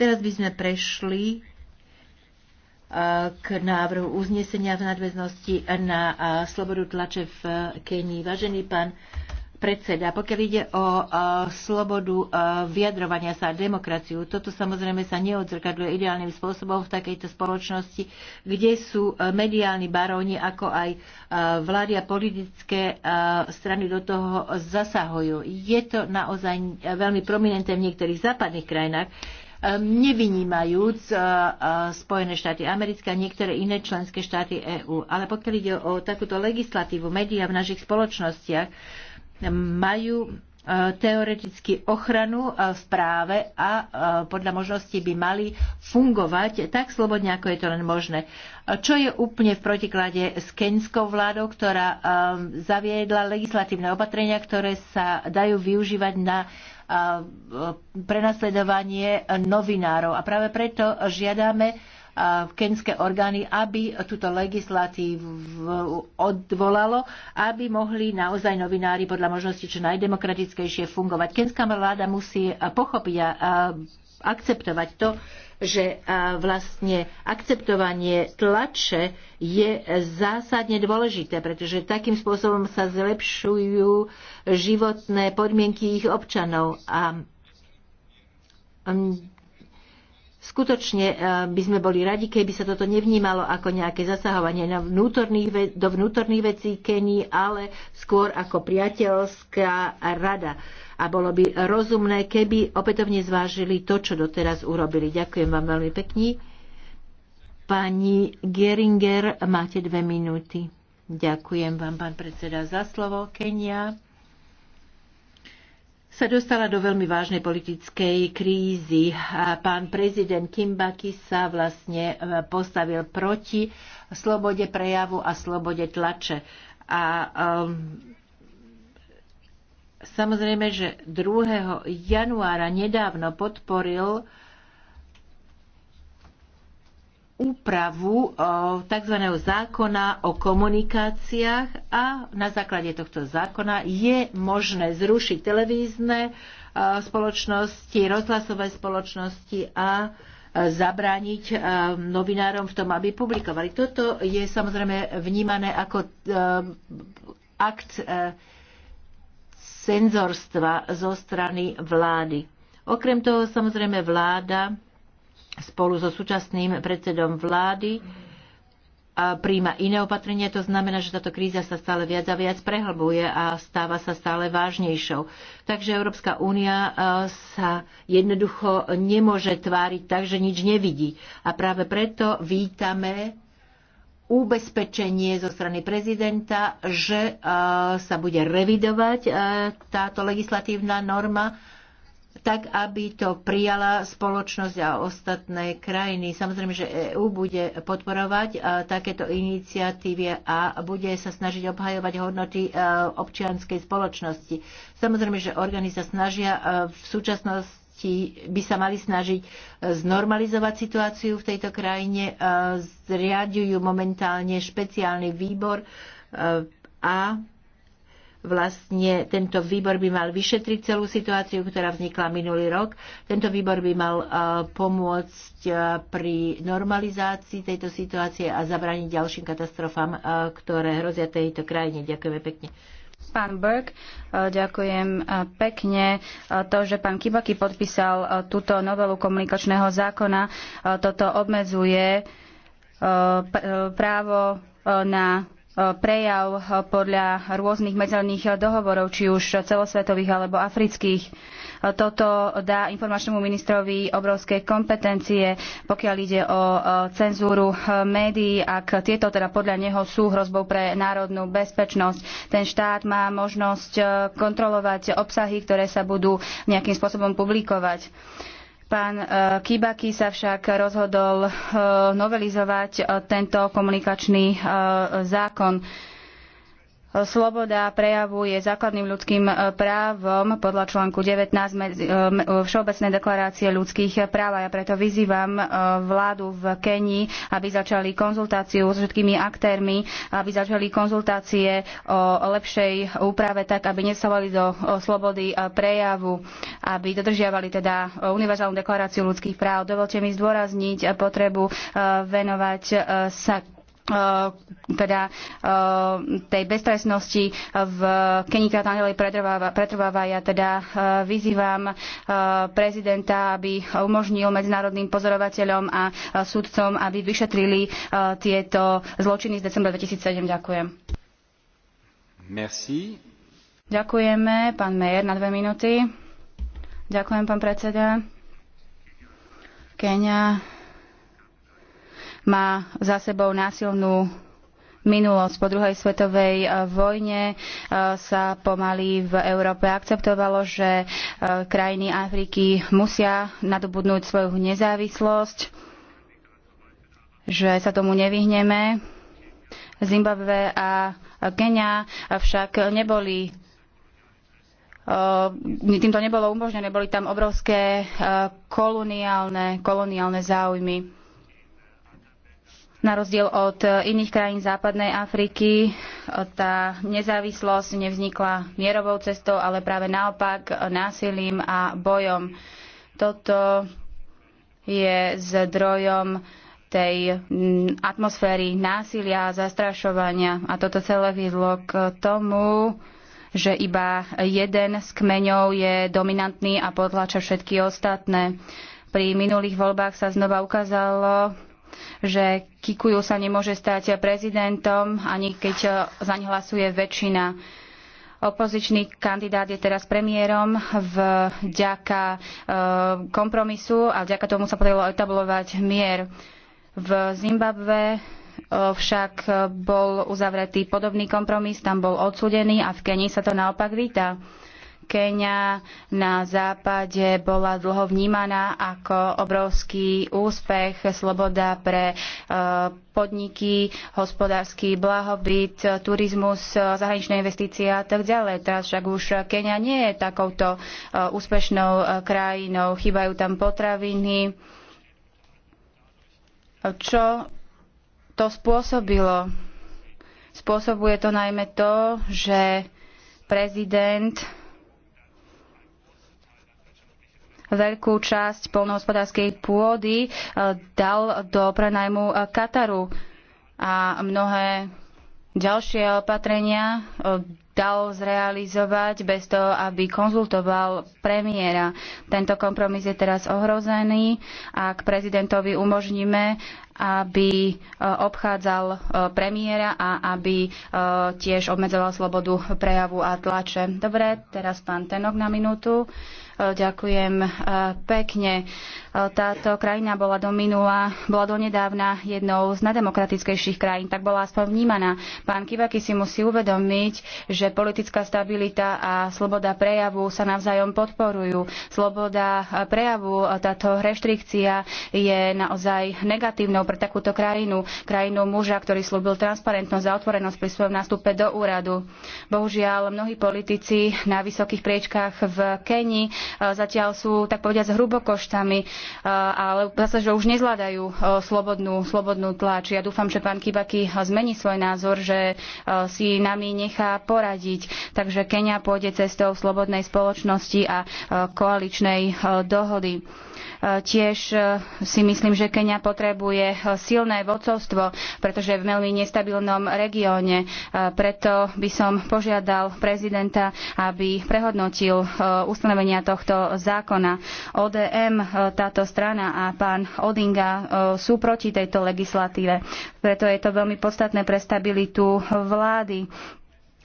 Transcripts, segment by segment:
Teraz by sme prešli k návrhu uznesenia v nadväznosti na slobodu tlače v Kenii. Vážený pán predseda, pokiaľ ide o slobodu vyjadrovania sa a demokraciu, toto samozrejme sa neodzrkadľuje ideálnym spôsobom v takejto spoločnosti, kde sú mediálni baróni, ako aj vlády a politické strany do toho zasahujú. Je to naozaj veľmi prominentné v niektorých západných krajinách, Ehm, nevynímajúc eh, eh, Spojené štáty americké a niektoré iné členské štáty EÚ. Ale pokiaľ ide o takúto legislatívu, médiá v našich spoločnostiach ehm, majú eh, teoreticky ochranu v práve a podľa možnosti by mali fungovať tak slobodne, ako je to len možné. Čo je úplne v protiklade s keňskou vládou, ktorá ehm, zaviedla legislatívne opatrenia, ktoré sa dajú využívať na E, prenasledovanie novinárov. A práve preto žiadame e, kenské orgány, aby túto legislatívu odvolalo, aby mohli naozaj novinári podľa možnosti čo najdemokratickejšie fungovať. Kenská vláda musí pochopiť a akceptovať to, že vlastne akceptovanie tlače je zásadne dôležité, pretože takým spôsobom sa zlepšujú životné podmienky ich občanov a Skutočne eh, by sme boli radi, keby sa toto nevnímalo ako nejaké zasahovanie na vnútorných, do vnútorných vecí Keny, ale skôr ako priateľská rada. A bolo by rozumné, keby opätovne zvážili to, čo doteraz urobili. Ďakujem vám veľmi pekne. Pani Geringer, máte dve minúty. Ďakujem vám, pán predseda, za slovo. Kenia sa dostala do veľmi vážnej politickej krízy. Pán prezident Kimbaki sa vlastne e, postavil proti slobode prejavu a slobode tlače. A um, samozrejme, že 2. januára nedávno podporil úpravu eh, tzv. zákona o komunikáciách a na základe tohto zákona je možné zrušiť televízne eh, spoločnosti, rozhlasové spoločnosti a eh, zabrániť novinárom v tom, aby publikovali. Toto je samozrejme vnímané ako akt cenzorstva zo strany vlády. Okrem toho samozrejme vláda spolu so súčasným predsedom vlády a príjma iné opatrenia, to znamená, že táto kríza sa stále viac a viac prehlbuje a stáva sa stále vážnejšou. Takže Európska únia e, sa jednoducho nemôže tváriť tak, že nič nevidí. A práve preto vítame ubezpečenie zo strany prezidenta, že e, sa bude revidovať e, táto legislatívna norma tak aby to prijala spoločnosť a ostatné krajiny. Samozrejme, že EÚ bude podporovať e, takéto iniciatívy a bude sa snažiť obhajovať hodnoty e, občianskej spoločnosti. Samozrejme, že orgány sa snažia e, v súčasnosti by sa mali snažiť znormalizovať situáciu v tejto krajine. Zriadujú momentálne špeciálny výbor a vlastne tento výbor by mal vyšetriť celú situáciu, ktorá vznikla minulý rok. Tento výbor by mal e, pomôcť e, pri normalizácii tejto situácie a zabrániť ďalším katastrofám, e, ktoré hrozia tejto krajine. Ďakujeme pekne. Pán Berg, ďakujem pekne. To, že pán Kibaki podpísal túto novelu komunikačného zákona, toto obmedzuje právo na prejav podľa rôznych medzinárodných dohovorov, či už celosvetových alebo afrických. Toto dá informačnému ministrovi obrovské kompetencie, pokiaľ ide o cenzúru médií, ak tieto teda podľa neho sú hrozbou pre národnú bezpečnosť. Ten štát má možnosť e, kontrolovať obsahy, ktoré sa budú nejakým spôsobom publikovať. Pán e, Kibaki sa však rozhodol e, novelizovať e, tento komunikačný zákon. Sloboda prejavu je základným ľudským e, právom podľa článku 19 e, e, Všeobecnej deklarácie ľudských práv a ja preto vyzývam vládu v Kenii, aby začali konzultáciu s všetkými aktérmi, aby začali konzultácie o lepšej úprave tak, aby nesovali do slobody prejavu, aby dodržiavali teda univerzálnu deklaráciu ľudských práv. Dovolte mi zdôrazniť potrebu venovať sa Eh, teda eh, tej beztrestnosti v Keni Tanelej pretrváva, pretrváva. Ja teda eh, vyzývam prezidenta, aby umožnil medzinárodným pozorovateľom a súdcom, aby vyšetrili tieto zločiny z decembra 2007. Ďakujem. Merci. Ďakujeme, pán Mejer, na dve minúty. Ďakujem, pán predseda. Kenia má za sebou násilnú minulosť. Po druhej svetovej eh, vojne eh, sa pomaly v Európe akceptovalo, že eh, krajiny Afriky musia nadobudnúť svoju nezávislosť, že sa tomu nevyhneme. Zimbabwe a Kenia však neboli týmto nebolo umožnené, boli tam obrovské koloniálne, koloniálne záujmy. Na rozdiel od e, iných krajín západnej Afriky, e, tá nezávislosť nevznikla mierovou cestou, ale práve naopak e, násilím a bojom. Toto je zdrojom tej atmosféry násilia a zastrašovania. A toto celé viedlo k tomu, že iba jeden z kmeňov je dominantný a potláča všetky ostatné. Pri minulých voľbách sa znova ukázalo, že Kikuju sa nemôže stať prezidentom, ani keď e, za hlasuje väčšina. Opozičný kandidát je teraz premiérom vďaka e, kompromisu a vďaka tomu sa podarilo etablovať mier. V Zimbabve e, však bol uzavretý podobný kompromis, tam bol odsudený a v Kenii sa to naopak víta. Keňa na západe bola dlho vnímaná ako obrovský úspech, sloboda pre e, podniky, hospodársky blahobyt, turizmus, e, zahraničné investície a tak ďalej. Teraz však už Kenia nie je takouto e, úspešnou krajinou. Chýbajú tam potraviny. Čo to spôsobilo? Spôsobuje to najmä to, že prezident veľkú časť polnohospodárskej pôdy e, dal do prenajmu e, Kataru a mnohé ďalšie opatrenia e, dal zrealizovať bez toho, aby konzultoval premiéra. Tento kompromis je teraz ohrozený. a k prezidentovi umožníme, aby e, obchádzal e, premiéra a aby e, tiež obmedzoval slobodu prejavu a tlače. Dobre, teraz pán Tenok na minútu. Ďakujem pekne. Táto krajina bola do minula, bola donedávna jednou z najdemokratickejších krajín, tak bola aspoň vnímaná. Pán Kivaki si musí uvedomiť, že že politická stabilita a sloboda prejavu sa navzájom podporujú. Sloboda prejavu, táto reštrikcia je naozaj negatívnou pre takúto krajinu. Krajinu muža, ktorý slúbil transparentnosť a otvorenosť pri svojom nástupe do úradu. Bohužiaľ, mnohí politici na vysokých priečkách v Keni e, zatiaľ sú, tak povediať, s hrubokoštami, e, ale zase, že už nezvládajú e, slobodnú, slobodnú tlač. Ja dúfam, že pán Kibaki zmení svoj názor, že si nami nechá poradiť poradiť. Takže Kenia pôjde cestou slobodnej spoločnosti a e, koaličnej e, dohody. E, tiež si myslím, že Kenia potrebuje silné vodcovstvo, pretože je v veľmi nestabilnom regióne. Preto by som požiadal prezidenta, aby prehodnotil ustanovenia tohto zákona. ODM, táto strana a pán Odinga sú proti tejto legislatíve. Preto je to veľmi podstatné pre stabilitu vlády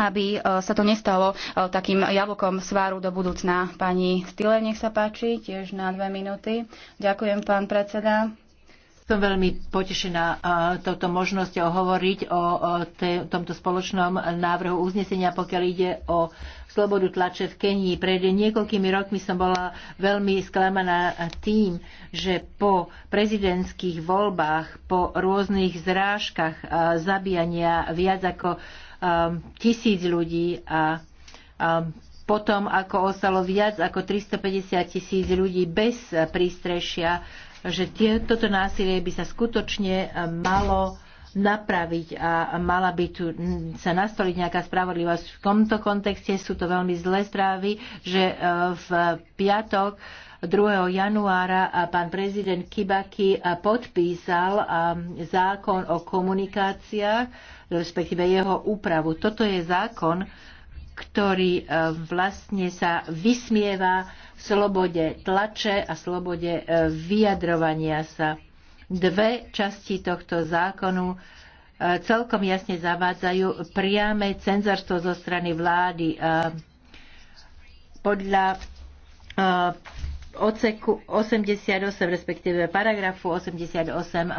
aby e, sa to nestalo e, takým jablkom sváru do budúcna. Pani Stile, nech sa páči, tiež na dve minúty. Ďakujem, pán predseda. Som veľmi potešená e, touto možnosťou hovoriť o tomto spoločnom návrhu uznesenia, pokiaľ ide o slobodu tlače v Kenii. Pred niekoľkými rokmi som bola veľmi sklamaná tým, že po prezidentských voľbách, po rôznych zrážkach zabíjania viac ako Um, tisíc ľudí a um, potom, ako ostalo viac ako 350 tisíc ľudí bez prístrešia, že tie, toto násilie by sa skutočne um, malo napraviť a mala by tu sa nastoliť nejaká spravodlivosť. V tomto kontexte sú to veľmi zlé správy, že e, v piatok 2. januára pán prezident Kibaki e, podpísal e, zákon o komunikáciách, respektíve jeho úpravu. Toto je zákon, ktorý vlastne sa vysmieva v slobode tlače a slobode vyjadrovania sa dve časti tohto zákonu e, celkom jasne zavádzajú priame cenzorstvo zo strany vlády. E, podľa e, oceku 88, respektíve paragrafu 88,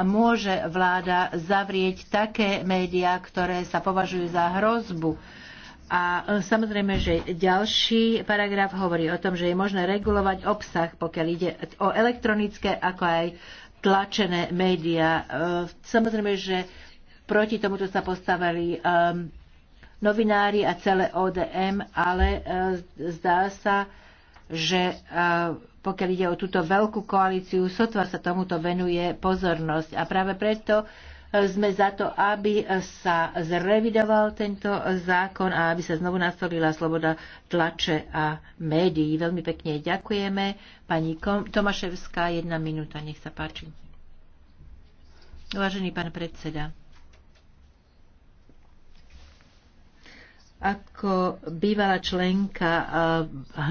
môže vláda zavrieť také médiá, ktoré sa považujú za hrozbu a samozrejme, že ďalší paragraf hovorí o tom, že je možné regulovať obsah, pokiaľ ide o elektronické, ako aj tlačené médiá. E, samozrejme, že proti tomuto sa postavili ehm, novinári a celé ODM, ale e, zdá sa, že e, pokiaľ ide o túto veľkú koalíciu, sotva sa tomuto venuje pozornosť. A práve preto sme za to, aby sa zrevidoval tento zákon a aby sa znovu nastolila sloboda tlače a médií. Veľmi pekne ďakujeme. Pani Tomaševská, jedna minúta, nech sa páči. Vážený pán predseda, Ako bývalá členka eh,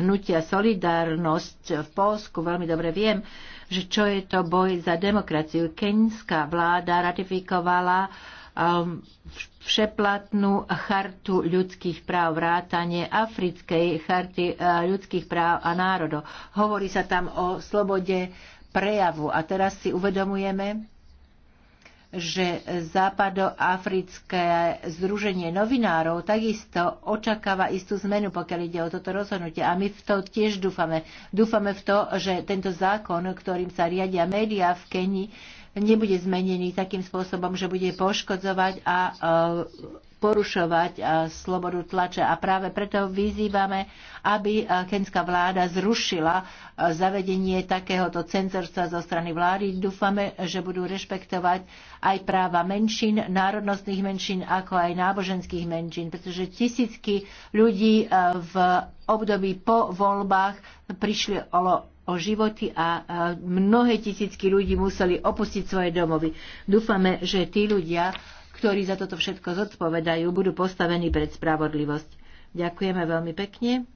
hnutia Solidarnosť v Polsku veľmi dobre viem, že čo je to boj za demokraciu. Keňská vláda ratifikovala um, všeplatnú chartu ľudských práv, vrátanie africkej charty uh, ľudských práv a národov. Hovorí sa tam o slobode prejavu a teraz si uvedomujeme, že Západoafrické združenie novinárov takisto očakáva istú zmenu, pokiaľ ide o toto rozhodnutie. A my v to tiež dúfame. Dúfame v to, že tento zákon, ktorým sa riadia médiá v Kenii, nebude zmenený takým spôsobom, že bude poškodzovať a porušovať e, slobodu tlače. A práve preto vyzývame, aby e, kenská vláda zrušila e, zavedenie takéhoto cenzorstva zo strany vlády. Dúfame, že budú rešpektovať aj práva menšín, národnostných menšín, ako aj náboženských menšín, pretože tisícky ľudí v období po voľbách prišli o o životy a mnohé tisícky ľudí museli opustiť svoje domovy. Dúfame, že tí ľudia ktorí za toto všetko zodpovedajú, budú postavení pred spravodlivosť. Ďakujeme veľmi pekne.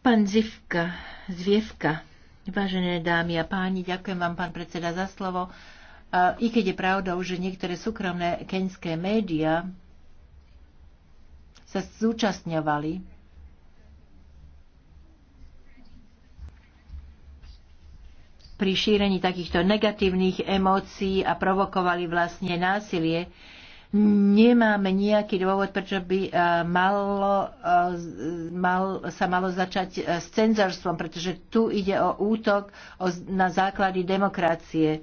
Pán Zivka, Zvievka, vážené dámy a páni, ďakujem vám, pán predseda, za slovo. I keď je pravdou, že niektoré súkromné keňské médiá sa zúčastňovali pri šírení takýchto negatívnych emócií a provokovali vlastne násilie. Nemáme nejaký dôvod, prečo by eh, malo, eh, mal, sa malo začať eh, s cenzorstvom, pretože tu ide o útok na základy demokracie.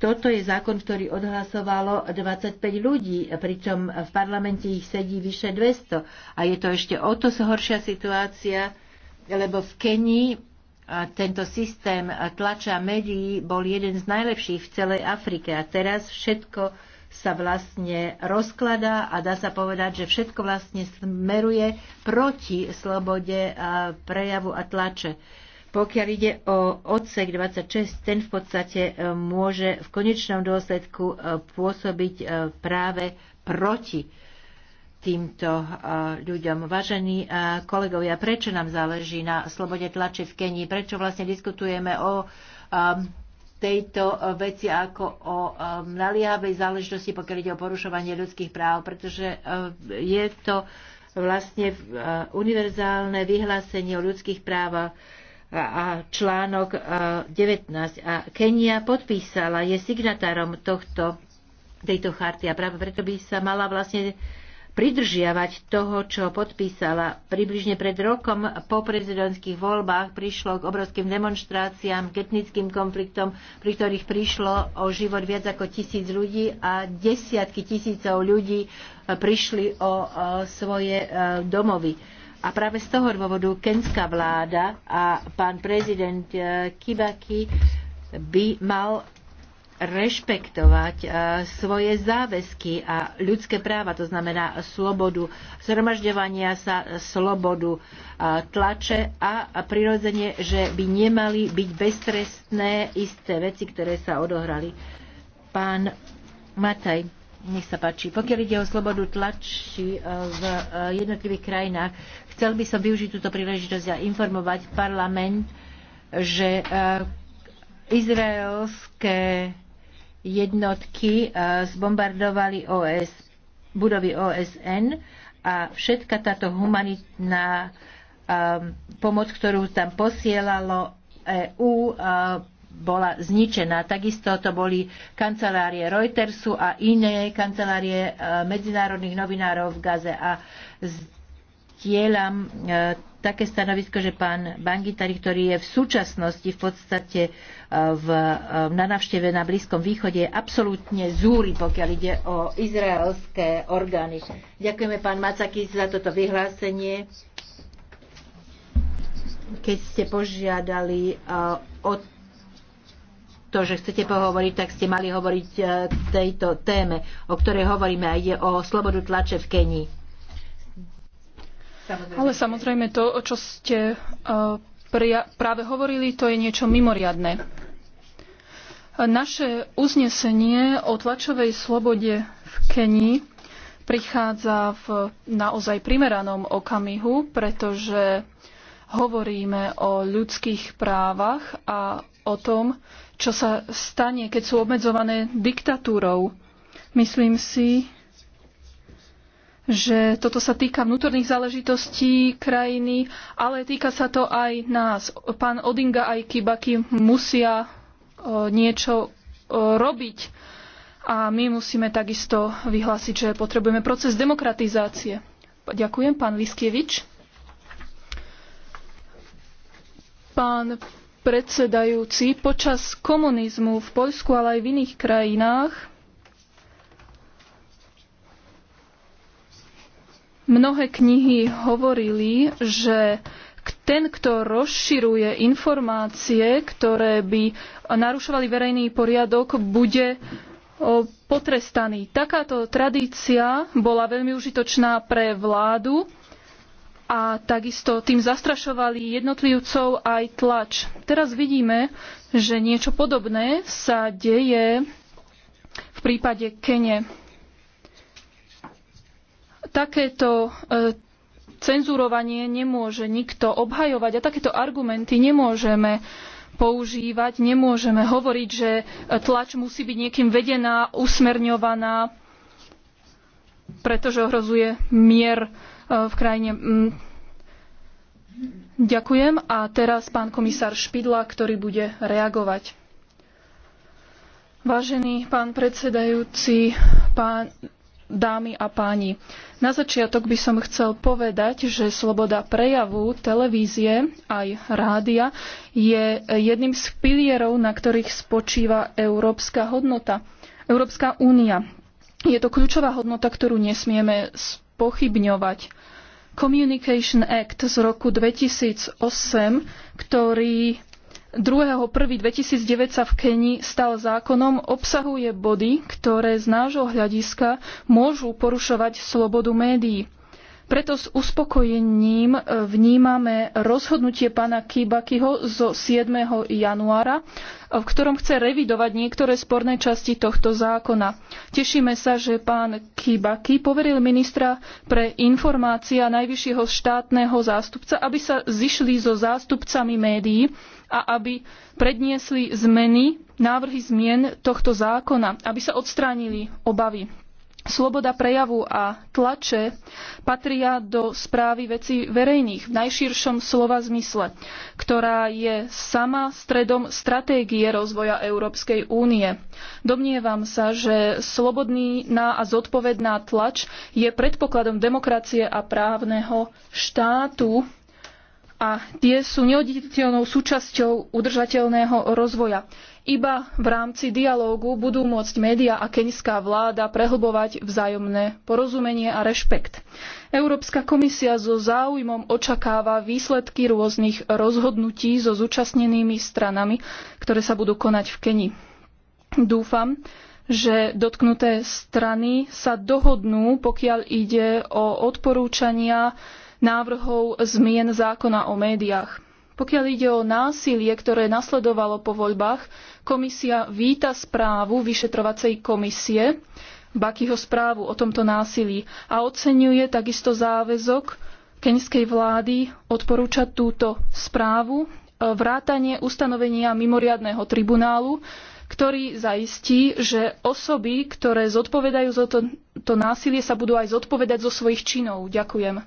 Toto je zákon, ktorý odhlasovalo 25 ľudí, pričom v parlamente ich sedí vyše 200. A je to ešte o to horšia situácia, lebo v Kenii tento systém tlača médií bol jeden z najlepších v celej Afrike a teraz všetko sa vlastne rozkladá a dá sa povedať, že všetko vlastne smeruje proti slobode a prejavu a tlače. Pokiaľ ide o odsek 26, ten v podstate e, môže v konečnom dôsledku e, pôsobiť e, práve proti týmto eh, ľuďom. Vážení eh, kolegovia, prečo nám záleží na slobode tlače v Kenii? Prečo vlastne diskutujeme o eh, tejto veci ako o naliehavej záležitosti, pokiaľ ide o porušovanie ľudských práv, pretože je to vlastne univerzálne vyhlásenie o ľudských právach a článok 19. A Kenia podpísala, je signatárom tohto, tejto charty a práve preto by sa mala vlastne pridržiavať toho, čo podpísala. Približne pred rokom po prezidentských voľbách prišlo k obrovským demonstráciám, k etnickým konfliktom, pri ktorých prišlo o život viac ako tisíc ľudí a desiatky tisícov ľudí e, prišli o e, svoje e, domovy. A práve z toho dôvodu kenská vláda a pán prezident Kibaki by mal rešpektovať e, svoje záväzky a ľudské práva, to znamená slobodu zhromažďovania sa, slobodu e, tlače a prirodzene, že by nemali byť beztrestné isté veci, ktoré sa odohrali. Pán Mataj. Nech sa páči. Pokiaľ ide o slobodu tlači e, v jednotlivých krajinách, chcel by som využiť túto príležitosť a informovať parlament, že izraelské jednotky e, zbombardovali OS, budovy OSN a všetka táto humanitná e, pomoc, ktorú tam posielalo EU, e, bola zničená. Takisto to boli kancelárie Reutersu a iné kancelárie medzinárodných novinárov v Gaze. A zdieľam e, také stanovisko, že pán Bangitari, ktorý je v súčasnosti v podstate e, v, e, na navšteve na Blízkom východe, je absolútne zúri, pokiaľ ide o izraelské orgány. Ďakujeme pán Macakis za toto vyhlásenie. Keď ste požiadali o to, že chcete pohovoriť, tak ste mali hovoriť tejto téme, o ktorej hovoríme a ide o slobodu tlače v Kenii. Samozrejme. Ale samozrejme to, o čo ste eh, práve hovorili, to je niečo mimoriadné. Naše uznesenie o tlačovej slobode v Kenii prichádza v naozaj primeranom okamihu, pretože hovoríme o ľudských právach a o tom, čo sa stane, keď sú obmedzované diktatúrou. Myslím si, že toto sa týka vnútorných záležitostí krajiny, ale týka sa to aj nás. Pán Odinga aj Kibaki musia niečo robiť a my musíme takisto vyhlásiť, že potrebujeme proces demokratizácie. Ďakujem, pán Liskievič. Pán predsedajúci, počas komunizmu v Poľsku, ale aj v iných krajinách Mnohé knihy hovorili, že ten, kto rozširuje informácie, ktoré by narušovali verejný poriadok, bude potrestaný. Takáto tradícia bola veľmi užitočná pre vládu a takisto tým zastrašovali jednotlivcov aj tlač. Teraz vidíme, že niečo podobné sa deje v prípade Kene takéto e, cenzurovanie nemôže nikto obhajovať a takéto argumenty nemôžeme používať, nemôžeme hovoriť, že tlač musí byť niekým vedená, usmerňovaná, pretože ohrozuje mier e, v krajine. Mm. Ďakujem. A teraz pán komisár Špidla, ktorý bude reagovať. Vážený pán predsedajúci, pán, dámy a páni. Na začiatok by som chcel povedať, že sloboda prejavu televízie aj rádia je jedným z pilierov, na ktorých spočíva európska hodnota. Európska únia. Je to kľúčová hodnota, ktorú nesmieme spochybňovať. Communication Act z roku 2008, ktorý 2.1.2009 sa v Kenii stal zákonom, obsahuje body, ktoré z nášho hľadiska môžu porušovať slobodu médií. Preto s uspokojením e, vnímame rozhodnutie pána Kibakyho zo 7. januára, e, v ktorom chce revidovať niektoré sporné časti tohto zákona. Tešíme sa, že pán Kibaki poveril ministra pre informácia najvyššieho štátneho zástupca, aby sa zišli so zástupcami médií a aby predniesli zmeny, návrhy zmien tohto zákona, aby sa odstránili obavy Sloboda prejavu a tlače patria do správy veci verejných v najširšom slova zmysle, ktorá je sama stredom stratégie rozvoja Európskej únie. Domnievam sa, že slobodná a zodpovedná tlač je predpokladom demokracie a právneho štátu a tie sú neoddeliteľnou súčasťou udržateľného rozvoja. Iba v rámci dialógu budú môcť média a keňská vláda prehlbovať vzájomné porozumenie a rešpekt. Európska komisia so záujmom očakáva výsledky rôznych rozhodnutí so zúčastnenými stranami, ktoré sa budú konať v Keni. Dúfam, že dotknuté strany sa dohodnú, pokiaľ ide o odporúčania návrhov zmien zákona o médiách. Pokiaľ ide o násilie, ktoré nasledovalo po voľbách, komisia víta správu vyšetrovacej komisie, Bakyho správu o tomto násilí a oceňuje takisto záväzok keňskej vlády odporúčať túto správu e, vrátanie ustanovenia mimoriadného tribunálu, ktorý zaistí, že osoby, ktoré zodpovedajú za to, to násilie, sa budú aj zodpovedať zo svojich činov. Ďakujem.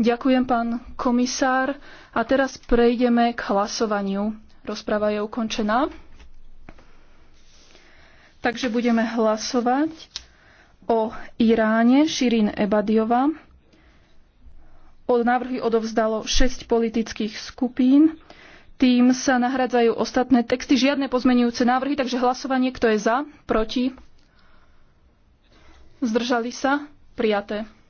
Ďakujem, pán komisár. A teraz prejdeme k hlasovaniu. Rozprava je ukončená. Takže budeme hlasovať o Iráne Širin Ebadiova. návrhy odovzdalo 6 politických skupín. Tým sa nahradzajú ostatné texty, žiadne pozmenujúce návrhy, takže hlasovanie, kto je za, proti, zdržali sa, prijaté.